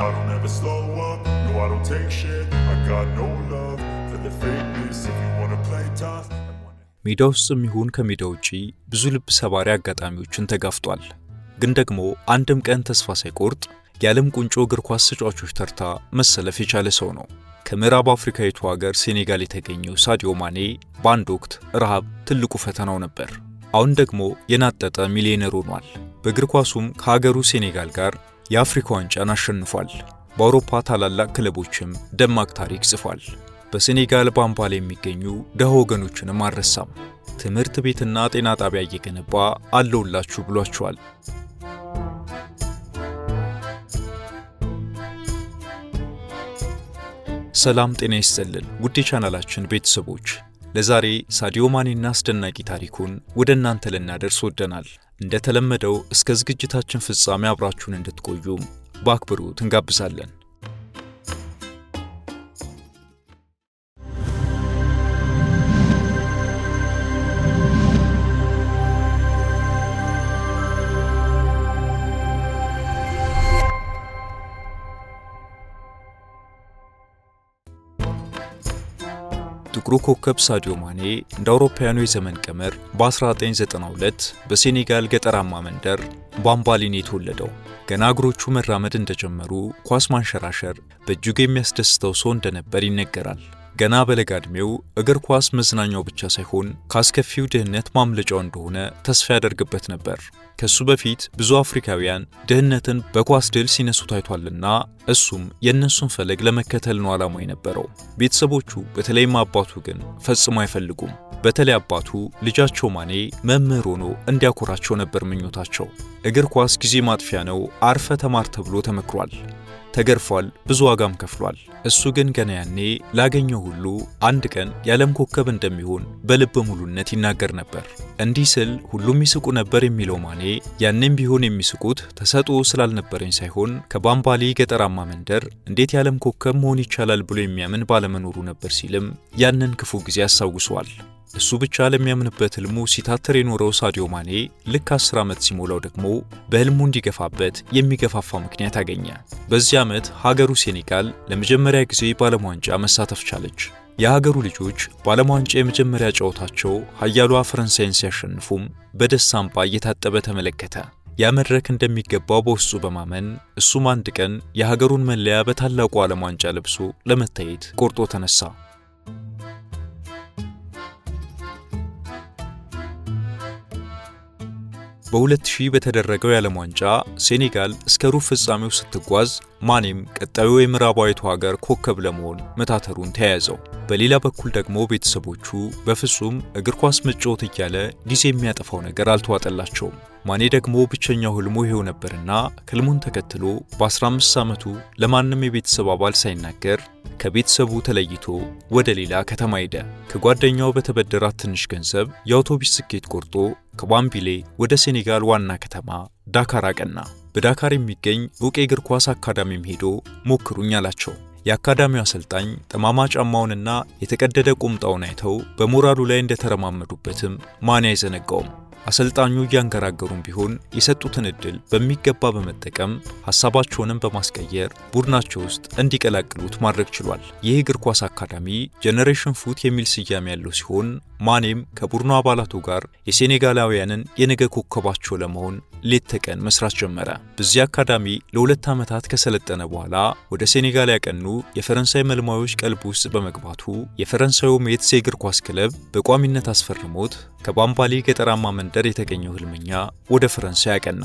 I don't ever slow up, no I don't take shit I got no love for the fakeness If you wanna play tough ሜዳ ውስጥም ይሁን ከሜዳ ውጪ ብዙ ልብ ሰባሪ አጋጣሚዎችን ተጋፍጧል። ግን ደግሞ አንድም ቀን ተስፋ ሳይቆርጥ የዓለም ቁንጮ እግር ኳስ ተጫዋቾች ተርታ መሰለፍ የቻለ ሰው ነው። ከምዕራብ አፍሪካዊቱ ሀገር ሴኔጋል የተገኘው ሳዲዮ ማኔ በአንድ ወቅት ረሃብ ትልቁ ፈተናው ነበር። አሁን ደግሞ የናጠጠ ሚሊዮነር ሆኗል። በእግር ኳሱም ከሀገሩ ሴኔጋል ጋር የአፍሪካ ዋንጫን አሸንፏል። በአውሮፓ ታላላቅ ክለቦችም ደማቅ ታሪክ ጽፏል። በሴኔጋል ባምባል የሚገኙ ደሃ ወገኖችንም አልረሳም። ትምህርት ቤትና ጤና ጣቢያ እየገነባ አለውላችሁ ብሏቸዋል። ሰላም ጤና ይስጥልን ውድ የቻናላችን ቤተሰቦች ለዛሬ ሳዲዮ ማኔና አስደናቂ ታሪኩን ወደ እናንተ ልናደርስ ወደናል። እንደተለመደው እስከ ዝግጅታችን ፍጻሜ አብራችሁን እንድትቆዩ በአክብሮት እንጋብዛለን። ጥቁሩ ኮከብ ሳዲዮ ማኔ እንደ አውሮፓውያኑ የዘመን ቀመር በ1992 በሴኔጋል ገጠራማ መንደር ባምባሊን የተወለደው ገና እግሮቹ መራመድ እንደጀመሩ ኳስ ማንሸራሸር በእጅጉ የሚያስደስተው ሰው እንደነበር ይነገራል። ገና በለጋ ዕድሜው እግር ኳስ መዝናኛው ብቻ ሳይሆን ከአስከፊው ድህነት ማምለጫው እንደሆነ ተስፋ ያደርግበት ነበር። ከሱ በፊት ብዙ አፍሪካውያን ድህነትን በኳስ ድል ሲነሱ ታይቷልና እሱም የእነሱን ፈለግ ለመከተል ነው ዓላማ የነበረው። ቤተሰቦቹ በተለይም አባቱ ግን ፈጽሞ አይፈልጉም። በተለይ አባቱ ልጃቸው ማኔ መምህር ሆኖ እንዲያኮራቸው ነበር ምኞታቸው። እግር ኳስ ጊዜ ማጥፊያ ነው፣ አርፈ ተማር ተብሎ ተመክሯል። ተገርፏል፣ ብዙ ዋጋም ከፍሏል። እሱ ግን ገና ያኔ ላገኘው ሁሉ አንድ ቀን የዓለም ኮከብ እንደሚሆን በልበ ሙሉነት ይናገር ነበር። እንዲህ ስል ሁሉም ይስቁ ነበር የሚለው ማኔ ያኔም ቢሆን የሚስቁት ተሰጥኦ ስላልነበረኝ ሳይሆን ከባምባሊ ገጠራማ መንደር እንዴት የዓለም ኮከብ መሆን ይቻላል ብሎ የሚያምን ባለመኖሩ ነበር ሲልም ያንን ክፉ ጊዜ አስታውሰዋል። እሱ ብቻ ለሚያምንበት ህልሙ ሲታተር የኖረው ሳዲዮ ማኔ ልክ 10 ዓመት ሲሞላው ደግሞ በህልሙ እንዲገፋበት የሚገፋፋ ምክንያት አገኘ። በዚህ ዓመት ሀገሩ ሴኔጋል ለመጀመሪያ ጊዜ በዓለም ዋንጫ መሳተፍ ቻለች። የሀገሩ ልጆች በዓለም ዋንጫ የመጀመሪያ ጨዋታቸው ሀያሏ ፈረንሳይን ሲያሸንፉም በደስታ እንባ እየታጠበ ተመለከተ። ያ መድረክ እንደሚገባው በውስጡ በማመን እሱም አንድ ቀን የሀገሩን መለያ በታላቁ ዓለም ዋንጫ ለብሶ ለመታየት ቆርጦ ተነሳ። በ2000 በተደረገው የዓለም ዋንጫ ሴኔጋል እስከ ሩብ ፍጻሜው ስትጓዝ ማኔም ቀጣዩ የምዕራባዊቱ ሀገር ኮከብ ለመሆን መታተሩን ተያያዘው። በሌላ በኩል ደግሞ ቤተሰቦቹ በፍጹም እግር ኳስ መጫወት እያለ ጊዜ የሚያጠፋው ነገር አልተዋጠላቸውም። ማኔ ደግሞ ብቸኛው ህልሙ ይሄው ነበርና ህልሙን ተከትሎ በ15 ዓመቱ ለማንም የቤተሰብ አባል ሳይናገር ከቤተሰቡ ተለይቶ ወደ ሌላ ከተማ ሄደ። ከጓደኛው በተበደራት ትንሽ ገንዘብ የአውቶቡስ ስኬት ቆርጦ ከባምቢሌ ወደ ሴኔጋል ዋና ከተማ ዳካር አቀና። በዳካር የሚገኝ እውቅ የእግር ኳስ አካዳሚም ሄዶ ሞክሩኝ አላቸው። የአካዳሚው አሰልጣኝ ጠማማ ጫማውንና የተቀደደ ቁምጣውን አይተው በሞራሉ ላይ እንደተረማመዱበትም ማኔ አይዘነጋውም። አሰልጣኙ እያንገራገሩም ቢሆን የሰጡትን እድል በሚገባ በመጠቀም ሀሳባቸውንም በማስቀየር ቡድናቸው ውስጥ እንዲቀላቅሉት ማድረግ ችሏል። ይህ እግር ኳስ አካዳሚ ጄኔሬሽን ፉት የሚል ስያሜ ያለው ሲሆን ማኔም ከቡድኑ አባላቱ ጋር የሴኔጋላውያንን የነገ ኮከባቸው ለመሆን ሌት ተቀን መስራት ጀመረ። በዚህ አካዳሚ ለሁለት ዓመታት ከሰለጠነ በኋላ ወደ ሴኔጋል ያቀኑ የፈረንሳይ መልማዮች ቀልብ ውስጥ በመግባቱ የፈረንሳዩ ሜትስ የእግር ኳስ ክለብ በቋሚነት አስፈርሞት ከባምባሊ ገጠራማ መንደር የተገኘው ህልመኛ ወደ ፈረንሳይ አቀና።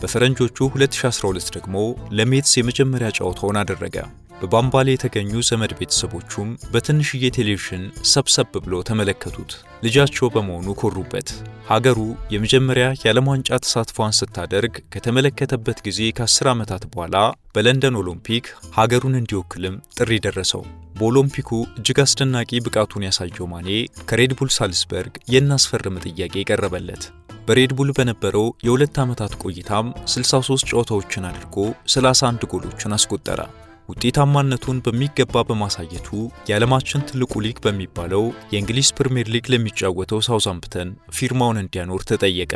በፈረንጆቹ 2012 ደግሞ ለሜትስ የመጀመሪያ ጨዋታውን አደረገ። በባምባሌ የተገኙ ዘመድ ቤተሰቦቹም በትንሽዬ ቴሌቪዥን ሰብሰብ ብሎ ተመለከቱት። ልጃቸው በመሆኑ ኮሩበት። ሀገሩ የመጀመሪያ የዓለም ዋንጫ ተሳትፏን ስታደርግ ከተመለከተበት ጊዜ ከ10 ዓመታት በኋላ በለንደን ኦሎምፒክ ሀገሩን እንዲወክልም ጥሪ ደረሰው። በኦሎምፒኩ እጅግ አስደናቂ ብቃቱን ያሳየው ማኔ ከሬድቡል ሳልስበርግ የናስፈርም ጥያቄ ቀረበለት። በሬድቡል በነበረው የሁለት ዓመታት ቆይታም 63 ጨዋታዎችን አድርጎ 31 ጎሎችን አስቆጠረ። ውጤታማነቱን በሚገባ በማሳየቱ የዓለማችን ትልቁ ሊግ በሚባለው የእንግሊዝ ፕሪምየር ሊግ ለሚጫወተው ሳውዛምፕተን ፊርማውን እንዲያኖር ተጠየቀ።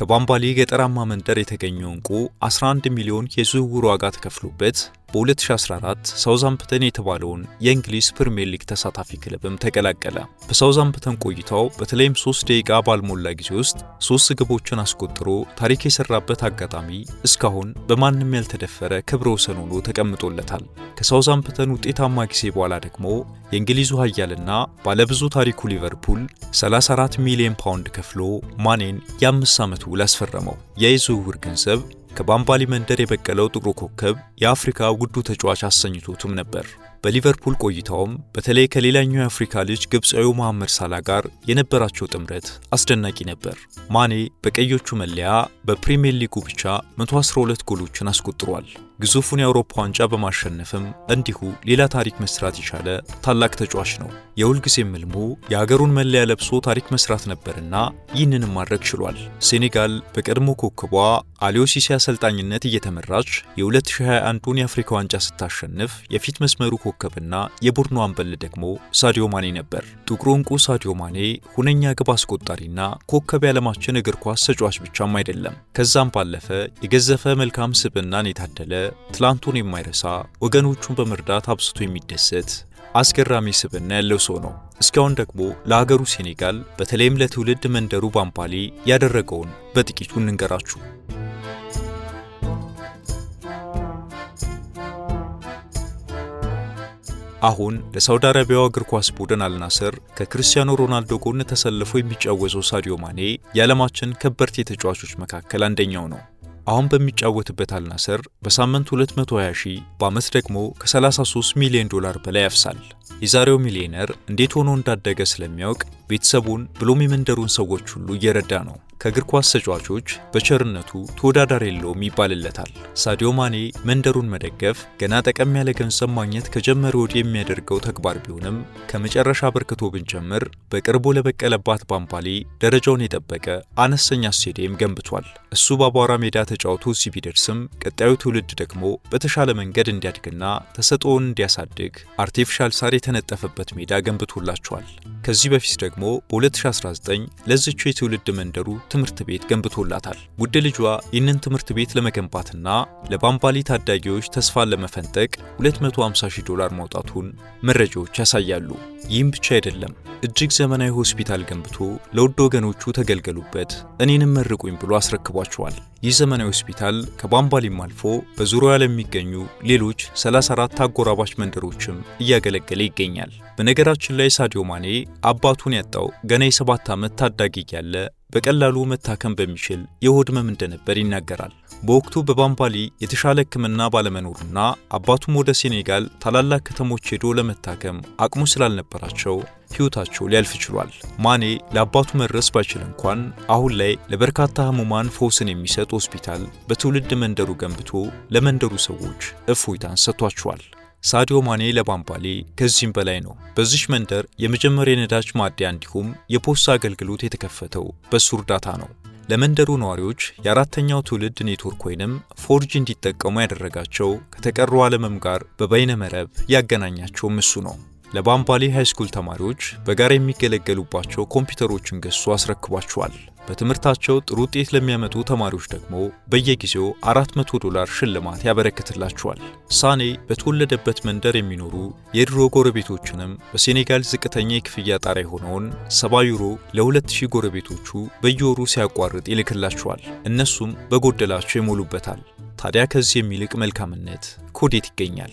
ከባምባሌ ገጠራማ መንደር የተገኘው እንቁ 11 ሚሊዮን የዝውውር ዋጋ ተከፍሎበት በ2014 ሳውዛምፕተን የተባለውን የእንግሊዝ ፕሪምየር ሊግ ተሳታፊ ክለብም ተቀላቀለ። በሳውዛምፕተን ቆይታው በተለይም ሶስት ደቂቃ ባልሞላ ጊዜ ውስጥ ሶስት ግቦችን አስቆጥሮ ታሪክ የሰራበት አጋጣሚ እስካሁን በማንም ያልተደፈረ ክብረ ወሰን ሆኖ ተቀምጦለታል። ከሳውዛምፕተን ውጤታማ ጊዜ በኋላ ደግሞ የእንግሊዙ ኃያልና ባለብዙ ታሪኩ ሊቨርፑል 34 ሚሊዮን ፓውንድ ከፍሎ ማኔን የአምስት ዓመት ውል አስፈረመው። የዝውውር ገንዘብ ከባምባሊ መንደር የበቀለው ጥቁር ኮከብ የአፍሪካ ውዱ ተጫዋች አሰኝቶትም ነበር። በሊቨርፑል ቆይታውም በተለይ ከሌላኛው የአፍሪካ ልጅ ግብፃዊው መሐመድ ሳላ ጋር የነበራቸው ጥምረት አስደናቂ ነበር። ማኔ በቀዮቹ መለያ በፕሪምየር ሊጉ ብቻ 112 ጎሎችን አስቆጥሯል። ግዙፉን የአውሮፓ ዋንጫ በማሸነፍም እንዲሁ ሌላ ታሪክ መስራት የቻለ ታላቅ ተጫዋች ነው። የሁልጊዜም ምልሙ የአገሩን መለያ ለብሶ ታሪክ መስራት ነበርና ይህንንም ማድረግ ችሏል። ሴኔጋል በቀድሞ ኮከቧ አሊዮሲ አሰልጣኝነት እየተመራች የ2021ን የአፍሪካ ዋንጫ ስታሸንፍ የፊት መስመሩ ኮከብና የቡድኑ አምበል ደግሞ ሳዲዮ ማኔ ነበር። ጥቁሩ እንቁ ሳዲዮ ማኔ ሁነኛ ግብ አስቆጣሪና ኮከብ የዓለማችን እግር ኳስ ተጫዋች ብቻም አይደለም። ከዛም ባለፈ የገዘፈ መልካም ስብዕናን የታደለ ትላንቱን የማይረሳ ወገኖቹን በመርዳት አብስቶ የሚደሰት አስገራሚ ስብዕና ያለው ሰው ነው። እስካሁን ደግሞ ለሀገሩ ሴኔጋል በተለይም ለትውልድ መንደሩ ባምባሌ ያደረገውን በጥቂቱ እንንገራችሁ። አሁን ለሳውዲ አረቢያው እግር ኳስ ቡድን አልናስር ከክርስቲያኖ ሮናልዶ ጎን ተሰልፎ የሚጫወተው ሳዲዮ ማኔ የዓለማችን ከበርቴ ተጫዋቾች መካከል አንደኛው ነው። አሁን በሚጫወትበት አልናስር በሳምንት 220 ሺህ በዓመት ደግሞ ከ33 ሚሊዮን ዶላር በላይ ያፍሳል። የዛሬው ሚሊዮነር እንዴት ሆኖ እንዳደገ ስለሚያውቅ ቤተሰቡን ብሎም የመንደሩን ሰዎች ሁሉ እየረዳ ነው። ከእግር ኳስ ተጫዋቾች በቸርነቱ ተወዳዳሪ የለውም ይባልለታል። ሳዲዮ ማኔ መንደሩን መደገፍ ገና ጠቀም ያለ ገንዘብ ማግኘት ከጀመረ ወዲህ የሚያደርገው ተግባር ቢሆንም ከመጨረሻ አበርክቶ ብንጀምር በቅርቡ ለበቀለባት ባምባሌ ደረጃውን የጠበቀ አነስተኛ ስቴዲየም ገንብቷል። እሱ በአቧራ ሜዳ ተጫውቶ እዚህ ቢደርስም ቀጣዩ ትውልድ ደግሞ በተሻለ መንገድ እንዲያድግና ተሰጥኦውን እንዲያሳድግ አርቲፊሻል ሳር የተነጠፈበት ሜዳ ገንብቶላቸዋል። ከዚህ በፊት ደግሞ በ2019 ለዝቹ የትውልድ መንደሩ ትምህርት ቤት ገንብቶላታል። ውድ ልጇ ይህንን ትምህርት ቤት ለመገንባትና ለባምባሊ ታዳጊዎች ተስፋን ለመፈንጠቅ 250 ሺህ ዶላር ማውጣቱን መረጃዎች ያሳያሉ። ይህም ብቻ አይደለም፣ እጅግ ዘመናዊ ሆስፒታል ገንብቶ ለውድ ወገኖቹ ተገልገሉበት፣ እኔንም መርቁኝ ብሎ አስረክቧቸዋል። ይህ ዘመናዊ ሆስፒታል ከባምባሊም አልፎ በዙሪያ ለሚገኙ ሌሎች 34 አጎራባች መንደሮችም እያገለገለ ይገኛል። በነገራችን ላይ ሳዲዮ ማኔ አባቱን ያጣው ገና የሰባት ዓመት ታዳጊ ያለ በቀላሉ መታከም በሚችል የሆድ ህመም እንደነበር ይናገራል። በወቅቱ በባምባሊ የተሻለ ሕክምና ባለመኖሩና አባቱም ወደ ሴኔጋል ታላላቅ ከተሞች ሄዶ ለመታከም አቅሙ ስላልነበራቸው ሕይወታቸው ሊያልፍ ችሏል። ማኔ ለአባቱ መድረስ ባይችል እንኳን አሁን ላይ ለበርካታ ህሙማን ፈውስን የሚሰጥ ሆስፒታል በትውልድ መንደሩ ገንብቶ ለመንደሩ ሰዎች እፎይታን ሰጥቷቸዋል። ሳዲዮ ማኔ ለባምባሌ ከዚህም በላይ ነው። በዚች መንደር የመጀመሪያ የነዳጅ ማደያ እንዲሁም የፖስታ አገልግሎት የተከፈተው በሱ እርዳታ ነው። ለመንደሩ ነዋሪዎች የአራተኛው ትውልድ ኔትወርክ ወይንም ፎርጅ እንዲጠቀሙ ያደረጋቸው ከተቀሩ ዓለምም ጋር በበይነ መረብ ያገናኛቸውም እሱ ነው። ለባምባሊ ሃይስኩል ተማሪዎች በጋራ የሚገለገሉባቸው ኮምፒውተሮችን ገሱ አስረክቧቸዋል። በትምህርታቸው ጥሩ ውጤት ለሚያመጡ ተማሪዎች ደግሞ በየጊዜው 400 ዶላር ሽልማት ያበረክትላቸዋል። ሳኔ በተወለደበት መንደር የሚኖሩ የድሮ ጎረቤቶችንም በሴኔጋል ዝቅተኛ የክፍያ ጣሪያ የሆነውን 70 ዩሮ ለ2000 ጎረቤቶቹ በየወሩ ሲያቋርጥ ይልክላቸዋል። እነሱም በጎደላቸው ይሞሉበታል። ታዲያ ከዚህ የሚልቅ መልካምነት ኮዴት ይገኛል?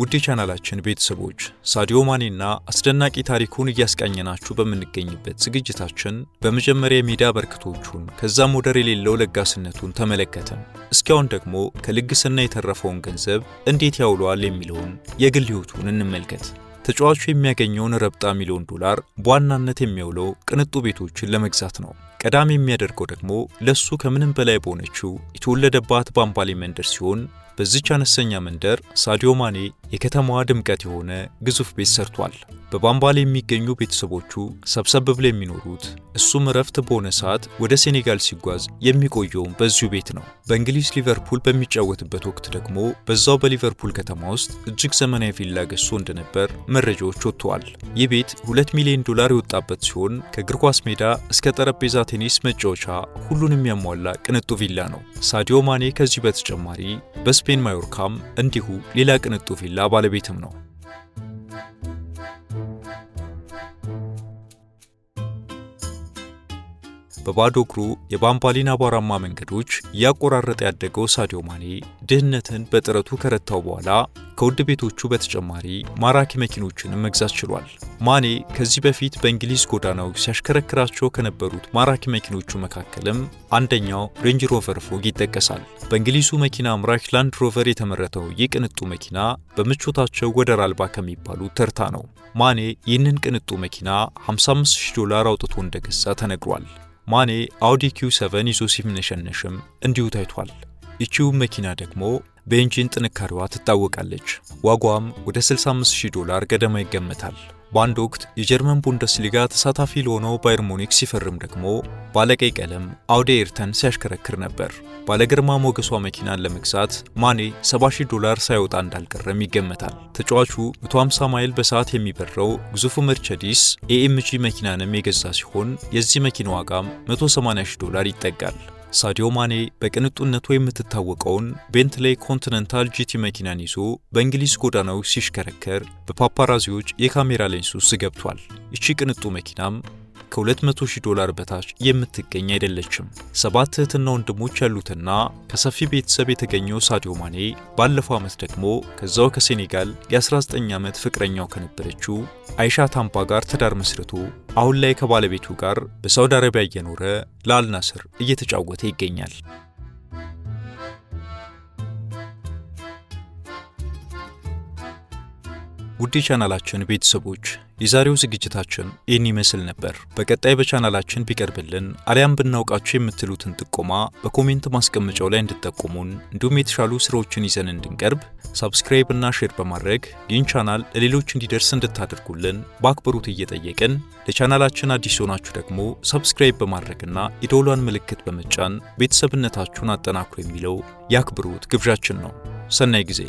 ውድ ቻናላችን ቤተሰቦች ሳዲዮ ማኔና አስደናቂ ታሪኩን እያስቃኘናችሁ በምንገኝበት ዝግጅታችን በመጀመሪያ የሚዲያ በርክቶቹን ከዛም ወደር የሌለው ለጋስነቱን ተመለከተን። እስኪያውን ደግሞ ከልግስና የተረፈውን ገንዘብ እንዴት ያውለዋል የሚለውን የግል ሕይወቱን እንመልከት። ተጫዋቹ የሚያገኘውን ረብጣ ሚሊዮን ዶላር በዋናነት የሚያውለው ቅንጡ ቤቶችን ለመግዛት ነው። ቀዳሚ የሚያደርገው ደግሞ ለሱ ከምንም በላይ በሆነችው የተወለደባት ባምባሌ መንደር ሲሆን በዚች አነስተኛ መንደር ሳዲዮ ማኔ የከተማዋ ድምቀት የሆነ ግዙፍ ቤት ሰርቷል። በባምባል የሚገኙ ቤተሰቦቹ ሰብሰብ ብለው የሚኖሩት እሱም እረፍት በሆነ ሰዓት ወደ ሴኔጋል ሲጓዝ የሚቆየውም በዚሁ ቤት ነው። በእንግሊዝ ሊቨርፑል በሚጫወትበት ወቅት ደግሞ በዛው በሊቨርፑል ከተማ ውስጥ እጅግ ዘመናዊ ቪላ ገዝቶ እንደነበር መረጃዎች ወጥተዋል። ይህ ቤት 2 ሚሊዮን ዶላር የወጣበት ሲሆን ከእግር ኳስ ሜዳ እስከ ጠረጴዛ ቴኒስ መጫወቻ ሁሉን የሚያሟላ ቅንጡ ቪላ ነው። ሳዲዮ ማኔ ከዚህ በተጨማሪ ስፔን ማዮርካም እንዲሁ ሌላ ቅንጡ ቪላ ባለቤትም ነው። በባዶ እግሩ የባምባሊን አቧራማ መንገዶች እያቆራረጠ ያደገው ሳዲዮ ማኔ ድህነትን በጥረቱ ከረታው በኋላ ከውድ ቤቶቹ በተጨማሪ ማራኪ መኪኖችንም መግዛት ችሏል። ማኔ ከዚህ በፊት በእንግሊዝ ጎዳናዎች ሲያሽከረክራቸው ከነበሩት ማራኪ መኪኖቹ መካከልም አንደኛው ሬንጅ ሮቨር ፎግ ይጠቀሳል። በእንግሊዙ መኪና አምራች ላንድ ሮቨር የተመረተው ይህ ቅንጡ መኪና በምቾታቸው ወደር አልባ ከሚባሉ ተርታ ነው። ማኔ ይህንን ቅንጡ መኪና 55000 ዶላር አውጥቶ እንደገዛ ተነግሯል። ማኔ አውዲ ኪው7 ይዞ ሲነሸነሽም እንዲሁ ታይቷል። ይቺው መኪና ደግሞ በኢንጂን ጥንካሬዋ ትታወቃለች። ዋጓም ወደ 65000 ዶላር ገደማ ይገመታል። በአንድ ወቅት የጀርመን ቡንደስሊጋ ተሳታፊ ለሆነው ባየር ሙኒክ ሲፈርም ደግሞ ባለቀይ ቀለም አውዴ ኤርተን ሲያሽከረክር ነበር። ባለግርማ ሞገሷ መኪናን ለመግዛት ማኔ 70,000 ዶላር ሳይወጣ እንዳልቀረም ይገመታል። ተጫዋቹ 150 ማይል በሰዓት የሚበረው ግዙፉ መርቸዲስ ኤኤምጂ መኪናንም የገዛ ሲሆን የዚህ መኪና ዋጋም 180,000 ዶላር ይጠጋል። ሳዲዮ ማኔ በቅንጡነቱ የምትታወቀውን ቤንትሌይ ኮንቲነንታል ጂቲ መኪናን ይዞ በእንግሊዝ ጎዳናዎች ሲሽከረከር በፓፓራዚዎች የካሜራ ሌንስ ውስጥ ገብቷል። ይቺ ቅንጡ መኪናም ከ200 ሺህ ዶላር በታች የምትገኝ አይደለችም። ሰባት እህትና ወንድሞች ያሉትና ከሰፊ ቤተሰብ የተገኘው ሳዲዮ ማኔ ባለፈው ዓመት ደግሞ ከዛው ከሴኔጋል የ19 ዓመት ፍቅረኛው ከነበረችው አይሻ ታምባ ጋር ትዳር መስርቶ አሁን ላይ ከባለቤቱ ጋር በሳውዲ አረቢያ እየኖረ ለአልናስር እየተጫወተ ይገኛል። ውድ የቻናላችን ቤተሰቦች የዛሬው ዝግጅታችን ይህን ይመስል ነበር። በቀጣይ በቻናላችን ቢቀርብልን አሊያም ብናውቃችሁ የምትሉትን ጥቆማ በኮሜንት ማስቀመጫው ላይ እንድጠቁሙን እንዲሁም የተሻሉ ስራዎችን ይዘን እንድንቀርብ ሳብስክራይብ እና ሼር በማድረግ ይህን ቻናል ለሌሎች እንዲደርስ እንድታደርጉልን በአክብሮት እየጠየቅን ለቻናላችን አዲስ ሆናችሁ ደግሞ ሰብስክራይብ በማድረግና የደወሏን ምልክት በመጫን ቤተሰብነታችሁን አጠናክሮ የሚለው የአክብሮት ግብዣችን ነው። ሰናይ ጊዜ